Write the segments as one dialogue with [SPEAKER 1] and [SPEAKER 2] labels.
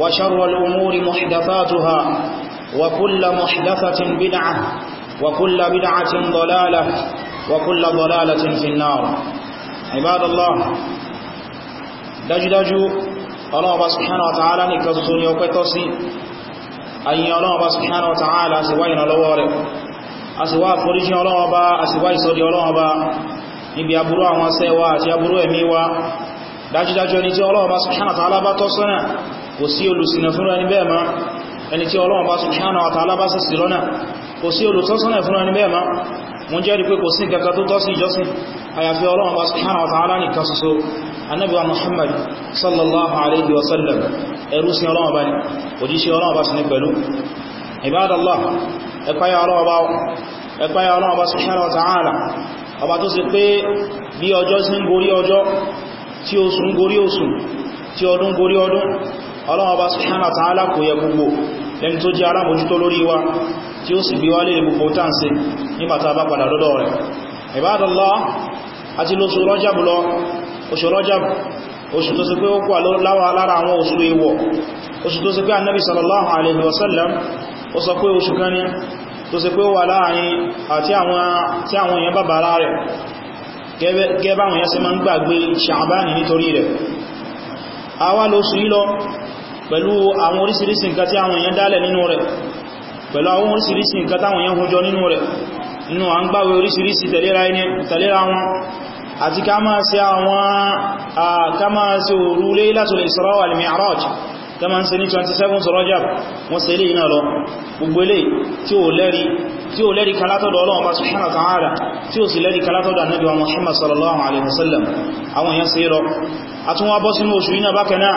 [SPEAKER 1] وشر الأمور محدثاتها وكل محدثة بدعة وكل بدعة ضلالة وكل ضلالة في النار عباد الله dájúdájú ọlọ́ọ̀bá subhanahu wa ta'ala ní ìkà tuntun ni ó pẹ́tọ́ sí ayin ọlọ́ọ̀bá subhanahu wa ta'ala a sì wá ìrànlọ́wọ́ rẹ̀ a sì wá foríjì ọlọ́ọ̀bá a sì wá ìsọ́dí ọlọ́ọ̀bá níbi aburú àwọn sẹ́wà àti aburú ẹ̀mí wa dájúdájú ẹni tí ọlọ́ọ̀bá subhanahu wa ta'ala bá tọ́ sọ́nà kò sí olùsìnà fún ẹni bẹ́ẹ̀ ma ẹni tí Ọlọ́run bá subhanahu wa ta'ala bá sì sí lọ́nà kò sí olùtọ́sọ́nà fún ẹni bẹ́ẹ̀ ma mo jẹ́rìí pé kò sí kankan tó tọ́ sí ìjọsìn àyàfi Ọlọ́run bá subhanahu wa ta'ala nìkan ṣoṣo Ànábì wa Muhammad sallallahu alaihi wa sallam ẹrú sí Ọlọ́run bá ní òjíṣẹ́ Ọlọ́run bá sì ní pẹ̀lú Ibadallah ẹ̀páyà Ọlọ́run bá subhanahu wa ta'ala ọba tó gorí ọjọ́ tí tí ọdún gorí ọdún ọlọ́wọ́ bá subhanahu wa ta'ala kò yẹ gbogbo lẹ́ni tó jẹ́ alámójútó lórí wa tí ó sì bí wá lè gbogbo tánṣe nígbàtà bá padà lọ́dọ̀ rẹ̀ Ibadallah àti lóṣù Rajab lọ oṣù Rajab oṣù tó sì pé àwọn sallallahu alaihi wasallam ó sọ pé oṣù kan ní tó sì pé ó wà láàrin àti àwọn èèyàn bàbára rẹ̀ gẹ́bà àwọn èèyàn sì lóṣù yìí lọ pẹ̀lú àwọn oríṣiríṣi nǹkan tí àwọn èèyàn dálẹ̀ nínú rẹ̀ pẹ̀lú àwọn oríṣiríṣi nǹkan táwọn èèyàn húnjọ nínú rẹ̀ inú à ń gbáwẹ̀ oríṣiríṣi tẹ̀léra wọn àti ká máa ṣe àwọn ká máa ṣe òru Laylatul 27 Rajab wọ́n ṣe ilé iná lọ gbogbo ilé tí ó lẹ́rí tí ó lẹ́rí kalátọ̀dọ̀ Ọlọ́run bá subhanahu wa ta'ala tí ó sì lẹ́rí kalátọ̀dọ̀ Ànábì wa Muhammad sallallahu alaihi àtúnwà bọ́ oṣù iná bákanáà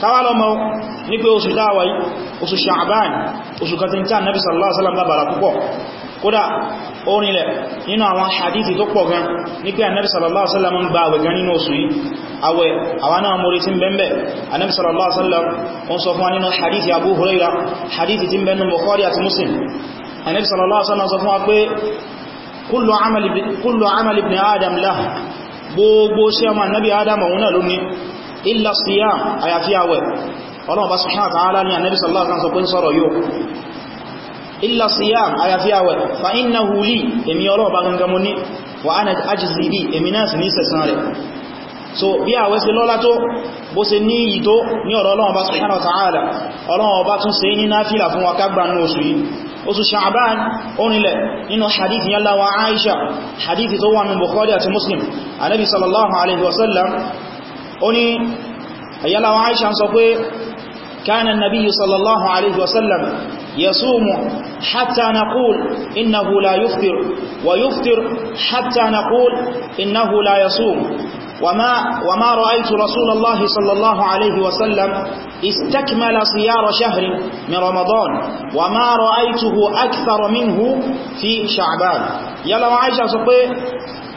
[SPEAKER 1] sáwálọ́mọ́ ní pé oṣù dáwàí oṣù Sha'ban oṣù katintan nabi sallallahu alaihi wasallam lábàrà púpọ̀ kódà orinlẹ̀ nínú àwọn hadithi tó pọ̀ gan ní pé annabi sallallahu alaihi wasallam ń gba àwẹ̀ gan nínú oṣù yìí àwẹ̀ àwọn náà mori tí ń bẹ̀m̀bẹ̀ annabi sallallahu alaihi wasallam ń sọ fún wa nínú hadithi abu huraira hadithi tí ń bẹ̀nu bukhari àti muslim annabi sallallahu alaihi wasallam sọ fún wa pé kullu amali kullu amali ibn adam lah gbogbo ṣe annabi adam òun náà lónìí illa siyam àyàfi àwẹ̀ ọlọ́run bá subhanahu wa ta'ala ní ànábì sallallahu alaihi wasallam sọ̀rọ̀ yóò illa siyam àyàfi àwẹ̀ fa innahu li èmi ọlọ́run bá gangan mo ní wa ana ajzi bi èmi náà sì ní sẹ̀san rẹ̀ so bí àwẹ̀ sí lọ́lá tó bó ṣe ní iyì tó ní ọ̀rọ̀ ọlọ́run bá subhanahu wa ta'ala ọlọ́run ọba tún ṣe ní náfílà fún wa kágbà ní oṣù yìí oṣù ṣàbán onílẹ̀ nínú hadithi yalla wa aisha hadithi tó wà nínú bukhari àti muslim anabi sallallahu alaihi wasallam ó ní ayyalawa aisha sọ pé كان النبي صلى الله عليه وسلم يصوم حتى نقول إنه لا يفطر ويفطر حتى نقول إنه لا يصوم وما, وما رأيت رسول الله صلى الله عليه وسلم استكمل صيار شهر من رمضان وما رأيته أكثر منه في شعبان يلا عائشة سقي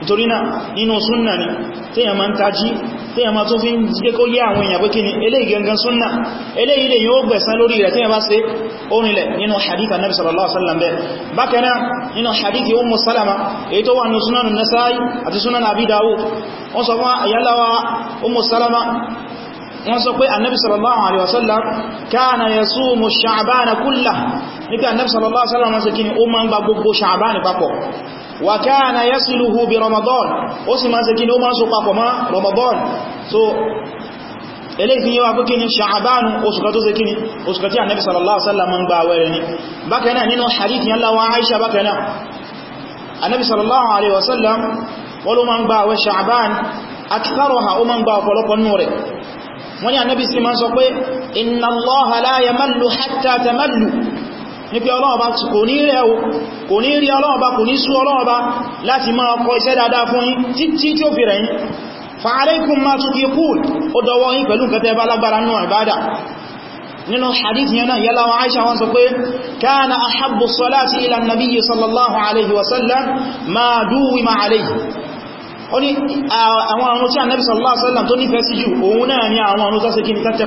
[SPEAKER 1] nítorí náà nínú súnnà ni téèyàn máa ń tají téèyàn máa tó fi ń jẹ́ kó yé àwọn èèyàn pé kí ni eléyìí gangan súnnà eléyìí lè yóò gbẹ̀san lórí rẹ̀ téèyàn bá ṣe orinlẹ̀ nínú hadith annabi sallallahu alaihi wasallam bẹ́ẹ̀ bákan náà nínú hadith ummu salama èyí tó wà nínú sunan nasai àti sunan abi dawud wọ́n sọ fún ayalawa ummu salama wọ́n sọ wa kana yasluhu bi ramadan ó sì máa ń ṣe kí ni ó máa ń so papọ̀ mọ́ ramadan so eléyìí fi yíwa kókí ni ṣàbánu oṣùkà tó ṣe kí ni oṣùkà tí annabi sallallahu sallallahu alaihi wasallam ń gba àwẹ̀ ni ní pé ọlọ́ọ̀bá kò ní rẹ̀ o kò ní rí ọlọ́ọ̀bá kò ní sú ọlọ́ọ̀bá láti máa kọ iṣẹ́ dáadáa fún yín títí tí ó fi rẹ̀ yín fa alaykum ma tuqiqun ó dọwọ́ yín pẹ̀lú nǹkan tẹ́ bá lágbára nínú ìbádà nínú hadith yẹn náà yẹ́lá wọn aisha wọn sọ pé kana ahabbu salati ila nabiyyi sallallahu alaihi wasallam ma duwi ma alaihi ó ní àwọn àrùn tí a nabi sallallahu alaihi wasallam tó nífẹ̀ẹ́ sí jù òun náà ni àwọn àrùn tó sẹ́kí ní tàtẹ̀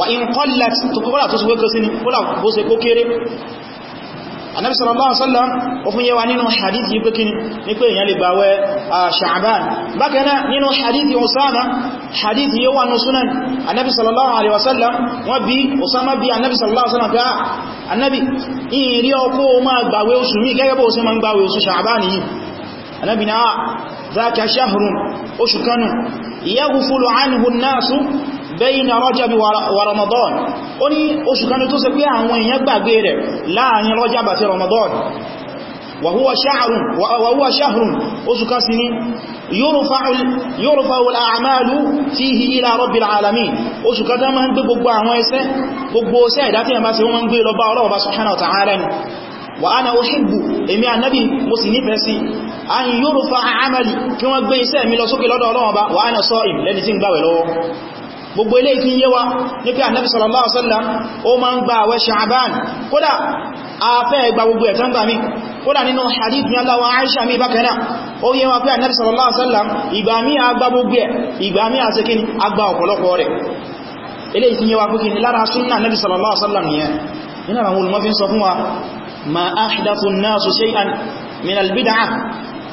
[SPEAKER 1] wà in kọ́lẹ̀t tó kọ́lá tó sì wé kọ́ sí ni kọ́lá bó ṣe kó kéré anábi sallallahu alaihi wasallam ó fún yẹwa nínú hadithi yí pékín ní pé èyàn lè bá wẹ̀ Sha'ban bákaná nínú hadithi Usama hadithi yíó wà ní sunan anábi sallallahu alaihi wasallam wọ́n bí Usama bí anábi sallallahu alaihi wasallam ká anábi in rí ọkọ́ ma bayna Rajab wa Ramadan ó ní oṣù kan tó ṣe pé àwọn èèyàn gbàgbé rẹ̀ láàrin Rajab àti Ramadan wa huwa shahrun wa huwa shahrun oṣù kan sí ni yurfa'u al-a'malu fihi ila rabbil alamin oṣù kan tó máa ń gbé gbogbo àwọn iṣẹ́ gbogbo iṣẹ́ ìdátí ẹ̀má sí wọ́n ń gbé lọ bá Ọlọ́run subhanahu wa ana uhibbu èmi annabi mo sì nífẹ̀ẹ́ an yurfa amali kí wọ́n gbé iṣẹ́ mi lọ sókè lọ́dọ̀ Ọlọ́run ba wa ana sa'im lẹ́ni tí ń gbàwẹ̀ gbogbo ilé ìfin yé wa ní pé ànábì sallallahu alaihi wasallam ó máa ń gba àwẹ̀ ṣàbán kódà afẹ́ ìgbà gbogbo ẹ̀ tán gbà mí kódà nínú hadith ní aláwọ̀ aisha mi bákanáà ó yé wa pé ànábì sallallahu alaihi wasallam ìgbà mí àgbà gbogbo ẹ̀ ìgbà mí àsekín àgbà ọ̀pọ̀lọpọ̀ rẹ̀ ilé ìfin yé wa kókè ní lára súnnà ànábì sallallahu alaihi wasallam nìyẹn nínú àwọn olùmọ́fin sọ min al-bid'ah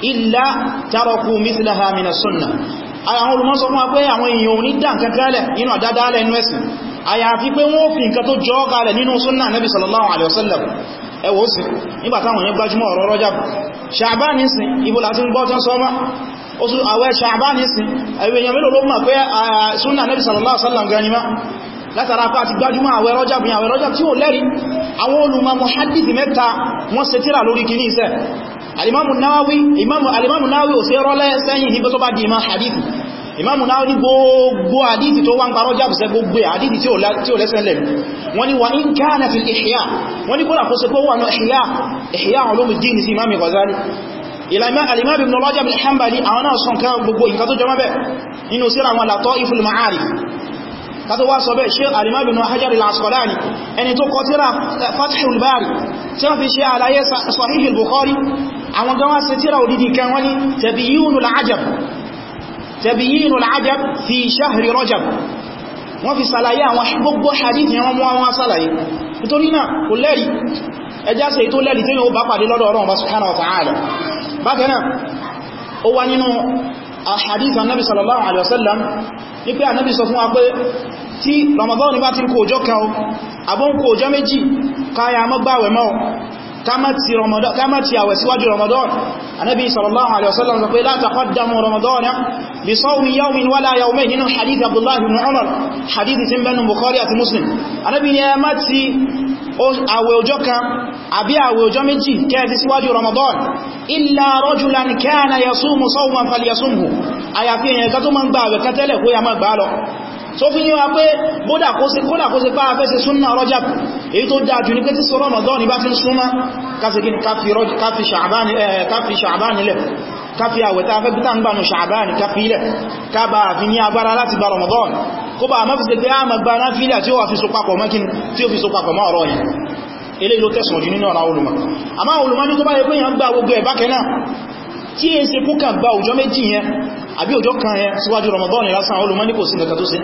[SPEAKER 1] illa taraku mithlaha min as-sunnah àwọn olùmọ́sọ fún wa pé àwọn èèyàn ò ní dá nǹkan kalẹ̀ nínú àdádálẹ̀ inú ẹ̀sìn àyàfi pé wọ́n fi nǹkan tó jọ kalẹ̀ nínú súnnà nabi sallallahu alaihi wasallam ẹwọ́ sí nígbàtàwọn yẹn gbájúmọ́ ọ̀rọ̀ rọ́jà ṣàbá nísìn ibo láti ń gbọ́ tán sọ́mọ́ oṣù àwẹ̀ ṣàbá nísìn ẹ̀wẹ̀ èèyàn mélòó ló mọ̀ pé súnnà nabi sallallahu alaihi wasallam ganima látara pé àti gbájúmọ́ àwẹ̀ rọ́jà bí àwẹ̀ rọ́jà tí ó lẹ́rí àwọn olùmọ̀ muhaddith mẹ́ta wọ́n ṣe tíra lórí kìíní iṣẹ́ alimamu nawawi alimamu nawawi ò sí rọ́lẹ́ sẹ́yìn nígbẹ́ tó di imam hadith imamu náà ní gbogbo àdídì tó wá ń parọ́ jábùsẹ́ gbogbo àdídì tí ó lẹ́sẹ̀ lẹ̀ wọ́n ni wà ní káàna fi ìṣíyà wọ́n ni kó làkó se kówà náà ìṣíyà ìṣíyà olómìdíni sí imamu Ghazali al-Imam Ibn Rajab al-Hanbali àwọn náà sọ nǹkan gbogbo nǹkan tó jọmọ́ bẹ̀ nínú síra wọn Lataiful Ma'arif kátó wá sọ bẹ́ Shaykh al-Imam Ibn Hajar al-Asqalani ẹni tó kọ tíra eh, Fathul Bari tí wọ́n fi ṣe àlàyé Sahih al-Bukhari àwọn gan wá ṣe tíra òdìdí kan wọ́n ni Tabyinul Ajab tẹ̀bíyínul ajab fi ṣáhìrì rọ́jab wọ́n fi sàlàyé àwọn gbogbo hadithi wọn wọ́n wọ́n sàlàyé nítorí náà kò lẹ́rí ẹjá ṣe tó lẹ́rí tí yóò bá pàdé lọ́dọ̀ Ọlọ́run bá subhanahu wa ta'ala bákan náà ó wá nínú hadith annabi sallallahu alaihi wasallam ní pé annabi sọ fún wa pé tí Ramadan bá ti ká má ti àwẹ̀ síwájú ramadan anábi sallallahu alaihi wasallam sọ pé la taqaddamu ramadan bi sawmi yawmin wala yawmayn nínú hadith abdullahi ibn umar hadith tí ń bẹnu bukhari àti muslim anábi ni ẹ má ti àwẹ̀ ọjọ́ kan àbí àwẹ̀ ọjọ́ méjì kẹ́ẹ̀dì síwájú ramadan illa rajulan kana yasumu sawman falyasumhu àyàfi èèyàn kan tó máa ń gba àwẹ̀ kan tẹ́lẹ̀ kó ya máa gbà lọ so fi yíwa pé kódà kó se pàá fẹ́ ṣe súnnà rọ́jà èyí tó dáa jù ní pé tí sọ rọ́nà dọ́ọ̀nì bá fi ń súnmá kásìkín káfí ṣàbáni lẹ̀ káfí àwẹ̀ta fẹ́ bí tán gbánu ṣàbáni káfí ilẹ̀ kába àfi ní agbára láti bá rọmọdọ́ọ̀n kó bá máa fi se pé a ma gbára fílẹ̀ tí ó fi so papọ̀ mọ́kín tí ó fi so papọ̀ mọ́ ọ̀rọ̀ yìí eléyìí ló àbí ọjọ́ kan ẹ síwájú Ramadan lásán olùmọ́ ní kò sí nǹkan tó sí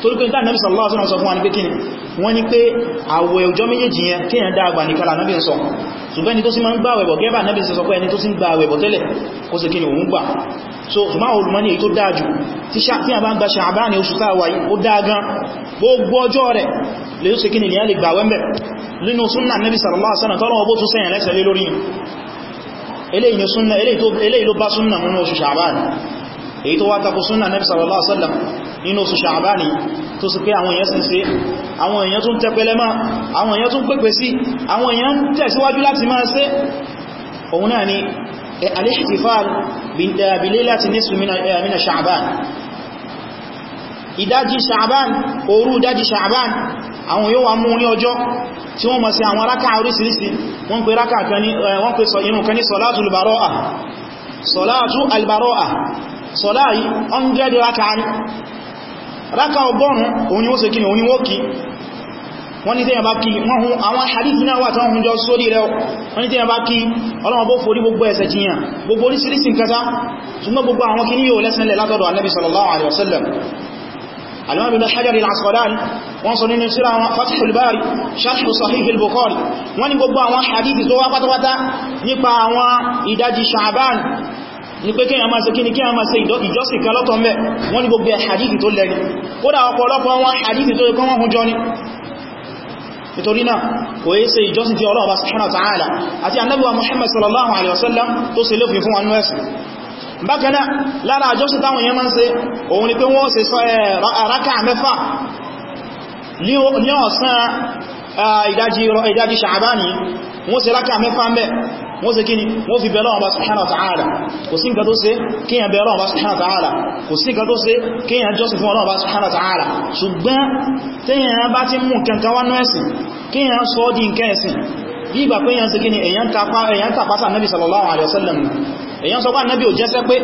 [SPEAKER 1] torí pé ìdá nẹ́bí sallallahu alaihi wasallam sọ fún wa ní pé kíni wọ́n ní pé àwẹ̀ ọjọ́ méjèèjì yẹn kíyàn dá àgbà nìkàlà nẹ́bí sọ ṣùgbọ́n ẹni tó sì máa ń gbà àwẹ̀bọ̀ gẹ́bà nẹ́bí sọ pé ẹni tó sì ń gbà àwẹ̀bọ̀ tẹ́lẹ̀ kó sì kíni òun gbà so ṣùgbọ́n olùmọ́ ní èyí tó dáa jù tí a bá ń gba ṣàbáni oṣù táwà yìí ó dáa gan gbogbo ọjọ́ rẹ̀ lè ó sì kíni ní a lè gbà wẹ́m̀bẹ̀ nínú súnnà nẹ́bí sallallahu alaihi tọ́lọ́wọ́ bó tún sẹ́yìn lẹ́sẹ̀ lé lórí eléyìí súnnà eléyìí ló bá súnnà nínú oṣù ṣàbán èyí tó wá takò súnnà Nabi sallallahu alaihi wasallam nínú oṣù ṣàbán tó sì pé àwọn èèyàn sì ṣe àwọn èèyàn tún tẹpẹlẹ mọ́ àwọn èèyàn tún pẹ̀pẹ̀ sí àwọn èèyàn tẹ̀síwájú láti máa ṣe òun náà ni al-ihtifal bi laylati nisfi min ṣàbán ìdájí ṣàbán òru ìdájí ṣàbán àwọn yóò wà mú ní ọjọ́ tí wọ́n mọ̀ sí àwọn rákà orísìírísìí wọ́n pè rákà kan ní eh, wọ́n pè sọ irun kan ní sọ̀látù albaro'a sọ̀látù albaro'a sọ̀láyí ọ́ngẹ́dẹ̀ rákà ní rákà ọgọ́rùn òun ni ó se kí ni òun ni wó kí wọ́n ní tẹ́yàn bá kí wọ́n hun àwọn hadith náà wà tán الإمام ابن حجر العسقلاني وانصر من سيرة فتح الباري شرح صحيح البخاري وان يقبع وان حديث زوا قطوة يقبع وان إداج شعبان ní pé kíyàn máa ṣe kí ní kíyàn máa ṣe ìjọsìn kan lọ́tọ̀ mẹ́ wọ́n ní gbogbo hadithi tó lẹ́ni kódà ọ̀pọ̀lọpọ̀ wọn hadithi tó kọ́ wọ́n hún jọ ní nítorí náà kò yí ṣe ìjọsìn tí Ọlọ́run subhanahu wa àti annabuwa Muhammad sallallahu alaihi wasallam tó ṣe lófin fún wọn nú ẹ̀sìn bákanáà lára àjọsìn táwọn èèyàn máa ń ṣe òun ni pé wọ́n ṣe rákà mẹ́fà ní ọ̀sán ìdájí ṣàbáni wọ́n ṣe rákà mẹ́fà mẹ́ wọ́n ṣe kíni wọ́n fi bẹ̀rọ ọba subhanahu wa ta'ala kò sí nǹkan tó ṣe kíyàn bẹ̀rọ ọba subhanahu wa ta'ala kò sí nǹkan tó ṣe kíyàn jọ́sìn fún ọba subhanahu wa ta'ala ṣùgbọ́n tẹ́yàn bá ti mú nǹkan kan wá nú ẹ̀sìn kíyàn sọ di nǹkan ẹ̀sìn bí ìgbà pé èyàn sí kí ni èyàn tàpásà nábi sallallahu alaihi wasallam èyàn sọ pé ànábì ò jẹ́sẹ́ pé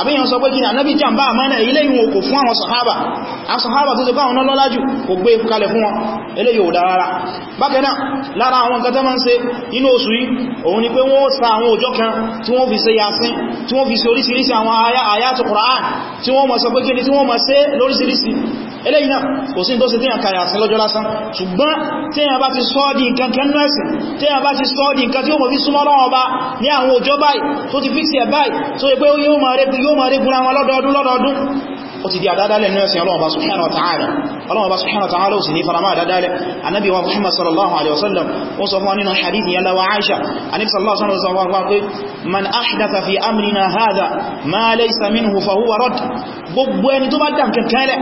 [SPEAKER 1] àbí èyàn sọ pé kí ni ànábì jàmbá àmánà ilé ìwọ̀n kò fún àwọn sàhábà àwọn sàhábà tó ti pá àwọn ọlọ́lájù kò gbé e kalẹ̀ fún wọn ilé yóò dá rárá bákan náà lára àwọn nǹkan tó máa ń ṣe inú oṣù yìí òun ni pé wọ́n sa àwọn ọjọ́ kan tí wọ́n fi ṣe yasin tí wọ́n fi ṣe oríṣiríṣi àwọn àyà àyà tó Kùránì tí wọ́n mọ̀ sọ pé kí ni tí wọ́n mọ̀ ṣe lóríṣiríṣi eléyìí náà kò sí tó sì tí àkàrà àti lọ́jọ́ lásán ṣùgbọ́n tí a bá ti sọ́ di nǹkan kẹnu ẹ̀sìn tí a bá ti sọ́ di nǹkan tí ó mọ̀ fi súnmọ́ lọ́wọ́ bá ní àwọn òjò báyìí tó ti fíksì ẹ̀ báyìí tó yẹ pé yóò máa rí gúnra wọn lọ́dọọdún lọ́dọọdún ó ti di àdádálẹ̀ ní ẹ̀sìn ọlọ́wọ́ bá subhanahu wa ta'ala ọlọ́wọ́ bá subhanahu wa ta'ala ó sì ní farama àdádálẹ̀ anábi wa muhammad sallallahu alaihi wasallam ó sọ fún nínú hadith yalla wa aisha anábi sallallahu alaihi wasallam wa gbogbo ẹni tó bá dá nǹkan kalẹ̀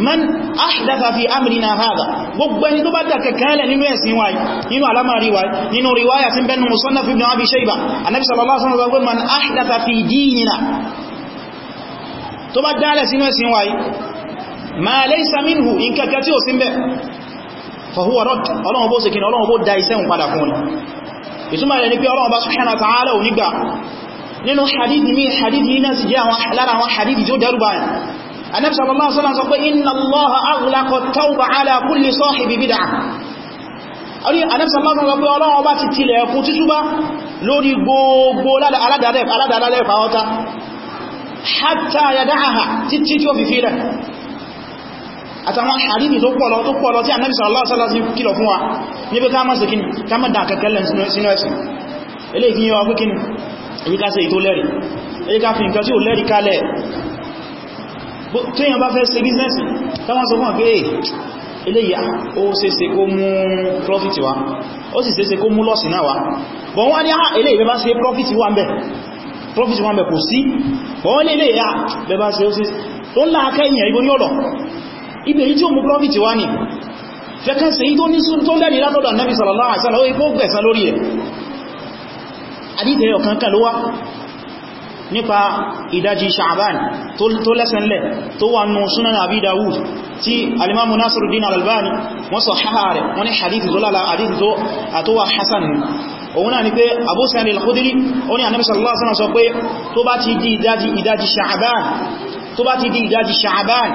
[SPEAKER 1] man ahdatha fi amrina hadha gbogbo ẹni tó bá dà kẹkẹrẹlẹ̀ nínú ẹ̀sìn wáyé nínú alamari wáyé nínú riwaya tí bẹnu musannaf ibn abi shayba annabi sallallahu alaihi wasallam man ahdatha fi dinina tó bá dálẹ̀ sínú ẹ̀sìn wáyé ma laysa minhu in kẹkẹ tí ó sí bẹ́ fahuwa rad ọlọ́run bó sekin ọlọ́run bó da iṣẹ́ padà fún ni ìtumọ̀ rẹ̀ ni pé ọlọ́run hadith mi hadith yìí náà sì jẹ́ àwọn lára àwọn hadith jó dẹ́rù báyìí Ànábì sallallahu alaihi wasallam sọ pé inna Allaha aghlaqa at-tawba ala kulli sahibi bid'ah Ànábì sallallahu alaihi wasallam sọ pé Ọlọ́run bá ti tilẹ̀kùn títúbá lórí gbogbo aládàálẹ̀ fàwọ́ta hatta yada'aha títí tí ó fi fílẹ̀ àtàwọn tí èyàn bá fẹ́ ṣe business táwọn sọ fún àpé eléyà ó ṣeéṣe kó mú profit wá ó sì ṣeéṣe kó mú loss náà wá bọ̀ wọ́n ní á ah, eléyà bẹ́bá ṣe profit wá ń bẹ̀ profit wá ń bẹ̀ kò sí bọ̀ wọ́n lè eléyà ah, bẹ́bá ṣe ó sì tó ń láàkẹ́ ìyàn ibo ní ọ̀dọ̀ ibẹ̀ yí tí ó mú profit wá ní fẹ́kẹ́ ṣe yí tó ní sún tó lẹ́rìí látọ̀dọ̀ Nabi sallallahu alaihi wasallam ó ikó gbẹ̀san nípa ìdajì ṣàbán tó lẹ́sẹ̀nlẹ̀ tó wà nù sunan abi dawud tí alimamu nasiruddin al-albani wọ́n sọ ṣáhàrẹ̀ wọ́n ní hadith zolala hadith zo àtọwà hassan òun náà ni pé abu sa'id al-khudri ó ní annabi sallallahu alaihi wasallam sọ pé tó bá ti di ìdajì ìdajì ṣàbán tó bá ti di ìdajì ṣàbán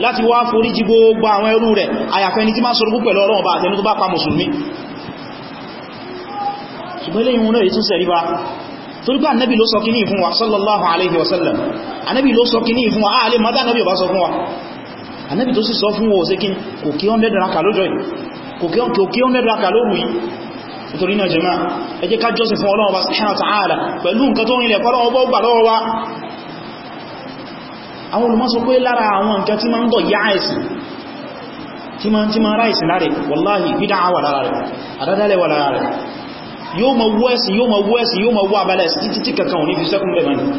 [SPEAKER 1] láti wá foríjì gbogbo àwọn ẹrú rẹ̀ àyàfẹ́ ni tí máa sọ́rọ̀ pẹ̀lú ọlọ́run bá àtẹni tó bá pa mùsùlùmí ṣùgbọ́n lẹ́yìn wọn náà ètún sẹ̀rí bá torípé ànábì ló sọ kí ní ìfún wa sallallahu alaihi wasallam ànábì ló sọ kí ní ìfún ká jọ́sìn fún ọlọ́run wa subhanahu wa pẹ̀lú nǹkan tó rìnlẹ̀ fọ́lọ́run bọ́ gbà lọ́wọ́ wa àwọn olùmọ̀ sọ pé lára àwọn nǹkan tí ma ń dọ̀ yá ẹ̀sìn tí ma ń tí ma ń ráìsìn láre wàláhì bídá àwà lára rẹ̀ àdádálẹ̀ wà lára rẹ̀ yóò ma wú ẹ̀sìn yóò ma wú ẹ̀sìn yóò ma wú abẹ́lẹ̀ sí títí kankan ò ní fi sẹ́kùn bẹ̀ mẹ́rin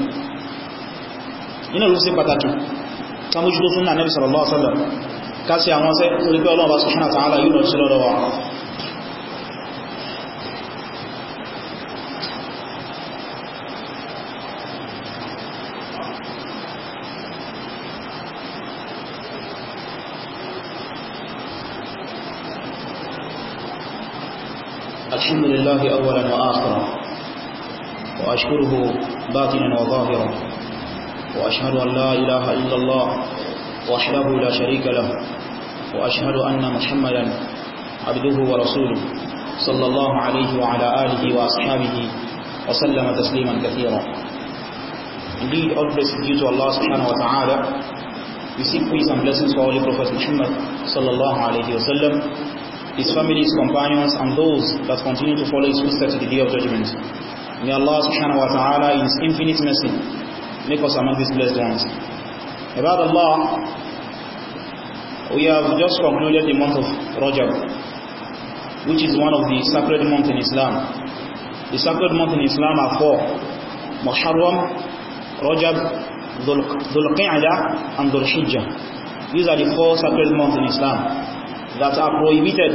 [SPEAKER 1] iná ló sí الحمد لله أولا وآخرا وأشكره باطنا وظاهرا وأشهد أن لا إله إلا الله وحده لا شريك له وأشهد أن محمدا عبده ورسوله صلى الله عليه وعلى آله وأصحابه وسلم تسليما كثيرا Indeed, all praise due to Allah subhanahu wa ta'ala. We seek peace and blessings for Holy Prophet Muhammad sallallahu alayhi wa sallam his family, his companions, and those that continue to follow his footsteps to the day of judgment. May Allah subhanahu wa ta'ala in his infinite mercy make us among these blessed ones. About Allah, we have just concluded the month of Rajab, which is one of the sacred months in Islam. The sacred months in Islam are four, Muharram, Rajab, Dhul Qi'dah, and Dhul Hijjah. These are the four sacred months in Islam. that are prohibited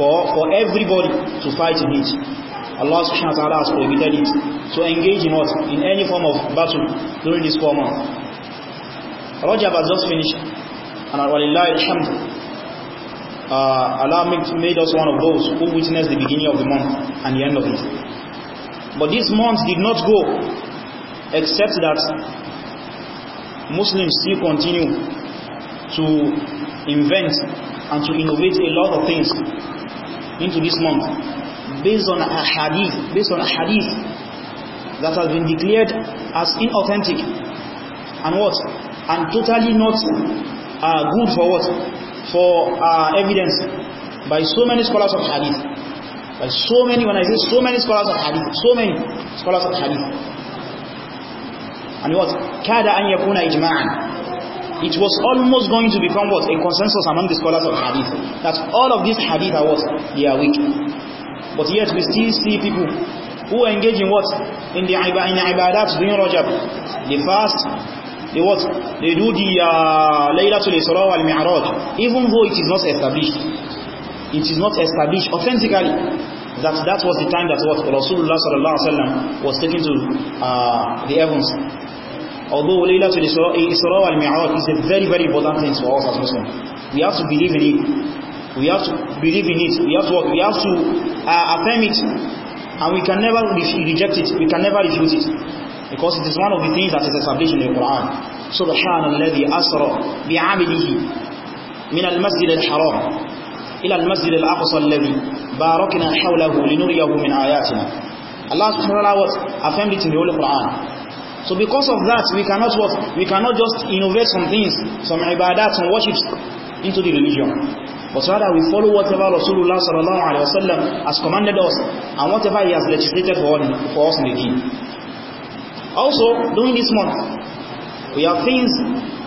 [SPEAKER 1] for, for everybody to fight in it. Allah subhanahu wa ta'ala has prohibited it. So engage in what? In any form of battle during this four month. Rajab has just finished. And Al-Walillah al-Hamd. Uh, Allah made, made us one of those who witnessed the beginning of the month and the end of it. But this month did not go except that Muslims still continue to invent and to innovate a lot of things into this month based on a hadith, based on a hadith that has been declared as inauthentic and what? And totally not uh, good for what? For uh, evidence by so many scholars of hadith. By so many, when I say so many scholars of hadith, so many scholars of hadith. And what? كَادَ أَنْ يَكُونَ إِجْمَاعًا it was almost going to become what? A consensus among the scholars of hadith. That all of these hadith are what? They are weak. But yet we still see people who engage in what? In the, in the ibadat during Rajab. They fast, they what? They do the uh, Laylatul Isra wal Mi'raj. Even though it is not established. It is not established authentically that that was the time that what Rasulullah sallallahu alaihi wasallam was taken to uh, the heavens although the Isra al Mi'raj is a very very important thing for us as Muslims we have to believe in it we have to believe in it we have to, we have to uh, affirm it and we can never reject it we can never refute it because it is one of the things that is established in the Quran سبحان الذي أسرى بعبده من المسجد الحرام إلى المسجد الأقصى الذي باركنا حوله لنريه من آياتنا Allah subhanahu wa ta'ala affirmed it in the Holy Quran So because of that, we cannot what? We cannot just innovate some things, some ibadat, some worships into the religion. But rather we follow whatever Rasulullah sallallahu alaihi wasallam has commanded us and whatever he has legislated for, for us in the deen. Also, during this month, we have things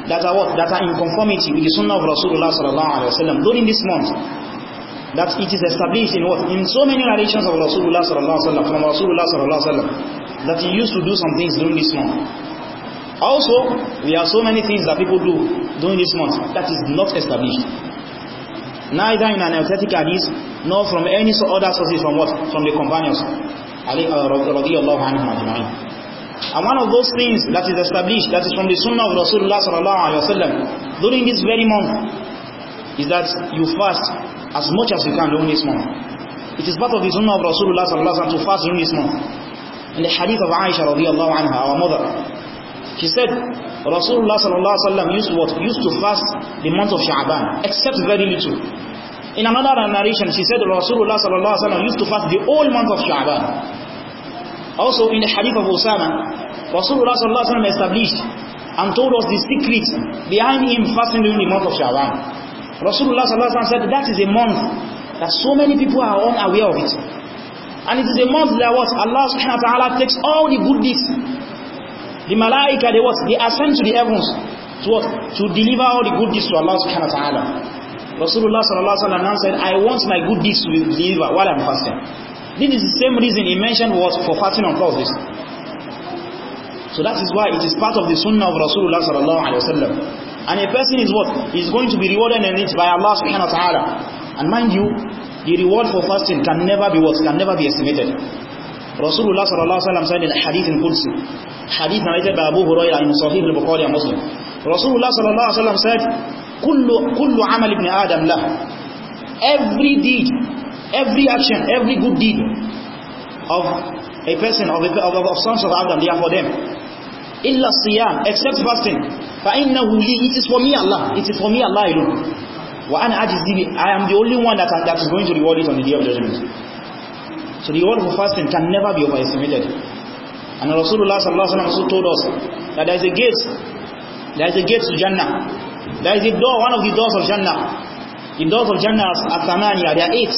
[SPEAKER 1] that are what? That are in conformity with the sunnah of Rasulullah sallallahu alaihi wasallam during this month. That it is established in what? In so many narrations of Rasulullah sallallahu alaihi wasallam. from Rasulullah sallallahu alayhi wa that he used to do some things during this month. Also, there are so many things that people do during this month that is not established. Neither in an authentic hadith, nor from any other sources from what? From the companions. Uh, And one of those things that is established, that is from the sunnah of Rasulullah sallallahu alayhi wa during this very month, is that you fast as much as you can during this month. It is part of the sunnah of Rasulullah sallallahu alayhi wa to fast during this month. in the hadith of Aisha radiallahu anha, our mother, she said, Rasulullah sallallahu alaihi wasallam used what? Used to fast the month of Sha'ban, except very little. In another narration, she said Rasulullah sallallahu alaihi wasallam used to fast the whole month of Sha'ban. Also in the hadith of Osama, Rasulullah sallallahu alaihi wasallam established and told us the secret behind him fasting during the month of Sha'ban. Rasulullah sallallahu alaihi wasallam said that is a month that so many people are unaware of it. And it is a month that what Allah subhanahu wa ta'ala takes all the good deeds. The malaika, they what? They ascend to the heavens to what? To deliver all the good deeds to Allah subhanahu wa ta'ala. Rasulullah sallallahu alaihi wasallam said, I want my good deeds to be delivered while I'm fasting. This is the same reason he mentioned was for fasting on Thursdays. So that is why it is part of the sunnah of Rasulullah sallallahu alaihi wasallam. And a person is what is going to be rewarded in it by Allah subhanahu wa ta'ala. And mind you, the reward for fasting can never be what can never be estimated Rasulullah sallallahu alaihi wasallam said in hadith in Qudsi hadith narrated by Abu Hurairah in Sahih al-Bukhari and Muslim Rasulullah sallallahu alaihi wasallam said kullu kullu amal ibn adam lah every deed every action every good deed of a person of, a, of, of sons of Adam they are for them illa siyam except fasting fa innahu li it is for me Allah it is for me Allah alone وأنا أجزي I am the only one that, that is going to reward it on the day of judgment so the reward for fasting can never be overestimated and Rasulullah sallallahu alaihi wasallam told us that there is a gate there is a gate to Jannah there is a door one of the doors of Jannah the doors of Jannah are thamaniya there are eight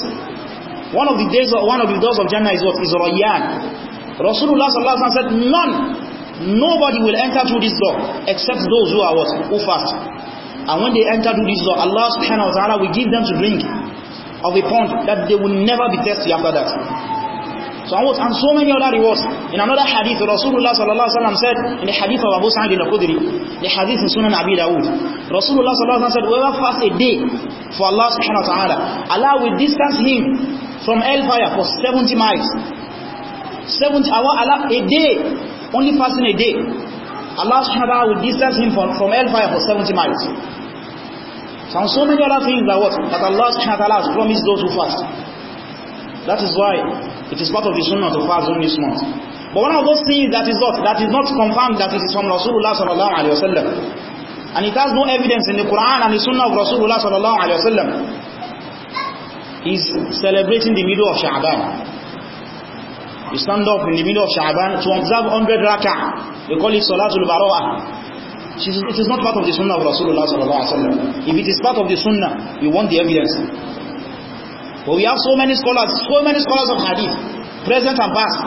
[SPEAKER 1] one of the days one of the doors of Jannah is what is Rayyan Rasulullah sallallahu alaihi wasallam said none nobody will enter through this door except those who are what who fast And when they enter through this door, Allah subhanahu wa ta'ala will give them to drink of a pond that they will never be thirsty after that. So I was, and so many other rewards. In another hadith, Rasulullah sallallahu alaihi wasallam said, in the hadith of Abu Sa'id al-Khudri, the hadith in Sunan Abi Dawud, Rasulullah sallallahu alaihi wasallam said, whoever fasts a day for Allah subhanahu wa ta'ala, Allah will distance him from hellfire for 70 miles. 70 hour, Allah, a day, only fasting a day, Allah subhanahu wa ta'ala will distance him from, from hellfire for 70 miles. and so many other things that what that Allah subhanahu wa ta'ala has promised those who fast that is why it is part of the sunnah to fast during this month but one of those things that is not that is not confirmed that it is from Rasulullah sallallahu alaihi wasallam and it has no evidence in the Quran and the sunnah of Rasulullah sallallahu alaihi wasallam is celebrating the middle of Sha'ban you stand up in the middle of Sha'ban to observe 100 rak'ah. We call it Salatul Barawah it is not part of the sunnah of Rasulullah sallallahu alaihi wasallam if it is part of the sunnah you want the evidence but we have so many scholars so many scholars of hadith present and past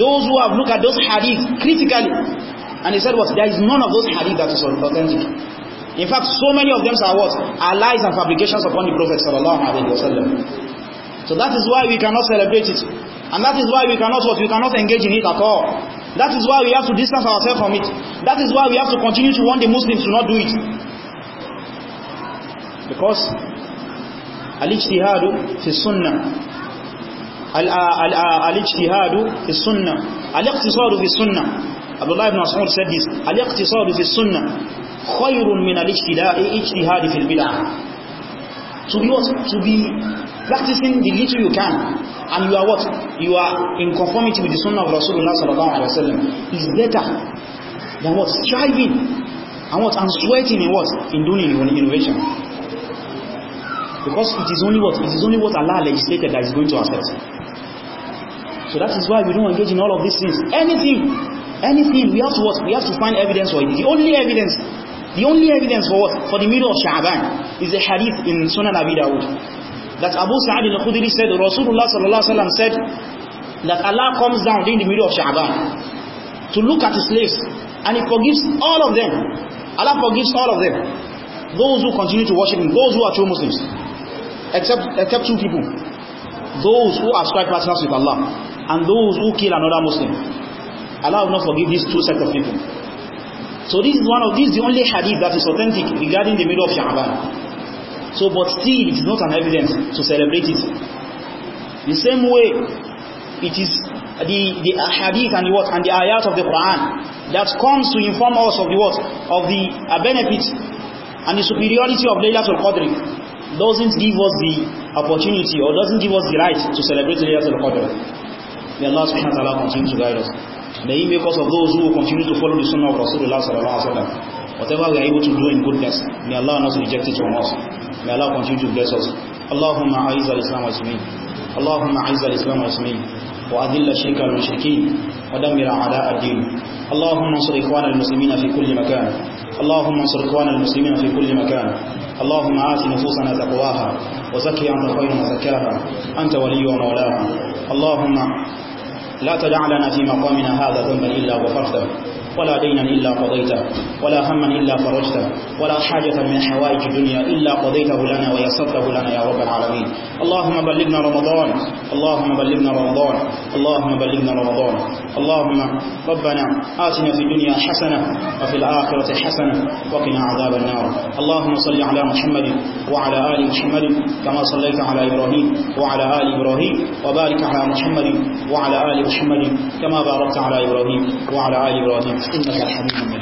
[SPEAKER 1] those who have looked at those hadith critically and they said what there is none of those hadith that is authentic in fact so many of them are what are lies and fabrications upon the prophet sallallahu alaihi wasallam so that is why we cannot celebrate it. And that is why we cannot what? We cannot engage in it at all. That is why we have to distance ourselves from it. That is why we have to continue to warn the Muslims to not do it. Because al-ijtihadu fi sunnah uh, uh, al-ijtihadu fi sunnah al-iqtisadu fi sunnah Abdullah ibn Mas'ud said this al-iqtisadu fi sunnah khayrun min al-ijtihadi fil bid'ah to be what? to be practicing the little you can and you are what? You are in conformity with the sunnah of Rasulullah sallallahu alaihi wasallam. It's better than what? Striving and what? And sweating in what? In doing innovation. Because it is only what? It is only what Allah legislated that is going to affect. So that is why we don't engage in all of these things. Anything, anything, we have to what? We have to find evidence for it. The only evidence, the only evidence for what? For the middle of Sha'ban is the hadith in Sunan Abi Dawud that Abu Sa'id al-Khudri said, Rasulullah sallallahu alaihi wasallam said that Allah comes down in the middle of Sha'ban to look at his slaves and he forgives all of them. Allah forgives all of them. Those who continue to worship him, those who are true Muslims, except, except two people. Those who ascribe partners with Allah and those who kill another Muslim. Allah will not forgive these two sets of people. So this is one of these the only hadith that is authentic regarding the middle of Sha'ban so but still it is not an evidence to celebrate it the same way it is the, the hadith and the what and the ayat of the Quran that comes to inform us of the what of the uh, benefits and the superiority of Laylatul Qadr doesn't give us the opportunity or doesn't give us the right to celebrate Laylatul Qadr may Allah subhanahu wa ta'ala continue to guide us may he make us of those who continue to follow the sunnah of Rasulullah sallallahu alaihi wasallam whatever we are able to do in goodness may Allah not reject it from us May Allah continue to bless us. اللهم أعز الإسلام والمسلمين اللهم أعز الإسلام والمسلمين وأذل الشرك والمشركين ودمر أعداء الدين اللهم انصر إخوان المسلمين في كل مكان اللهم انصر إخوان المسلمين في كل مكان اللهم آت نفوسنا تقواها وزكي أنت خير من زكاها أنت ولي ومولاها اللهم لا تدع لنا في مقامنا هذا ذنبا إلا غفرته ولا دينا إلا قضيته ولا هما إلا فرجته ولا حاجة من حوائج الدنيا إلا قضيته لنا ويسرته لنا يا رب العالمين اللهم بلغنا رمضان اللهم بلغنا رمضان اللهم بلغنا رمضان اللهم ربنا آتنا في الدنيا حسنة وفي الآخرة حسنة وقنا عذاب النار اللهم صل على محمد وعلى آل محمد كما صليت على إبراهيم وعلى آل إبراهيم وبارك على محمد وعلى آل محمد كما باركت على إبراهيم وعلى آل إبراهيم 是的，是的。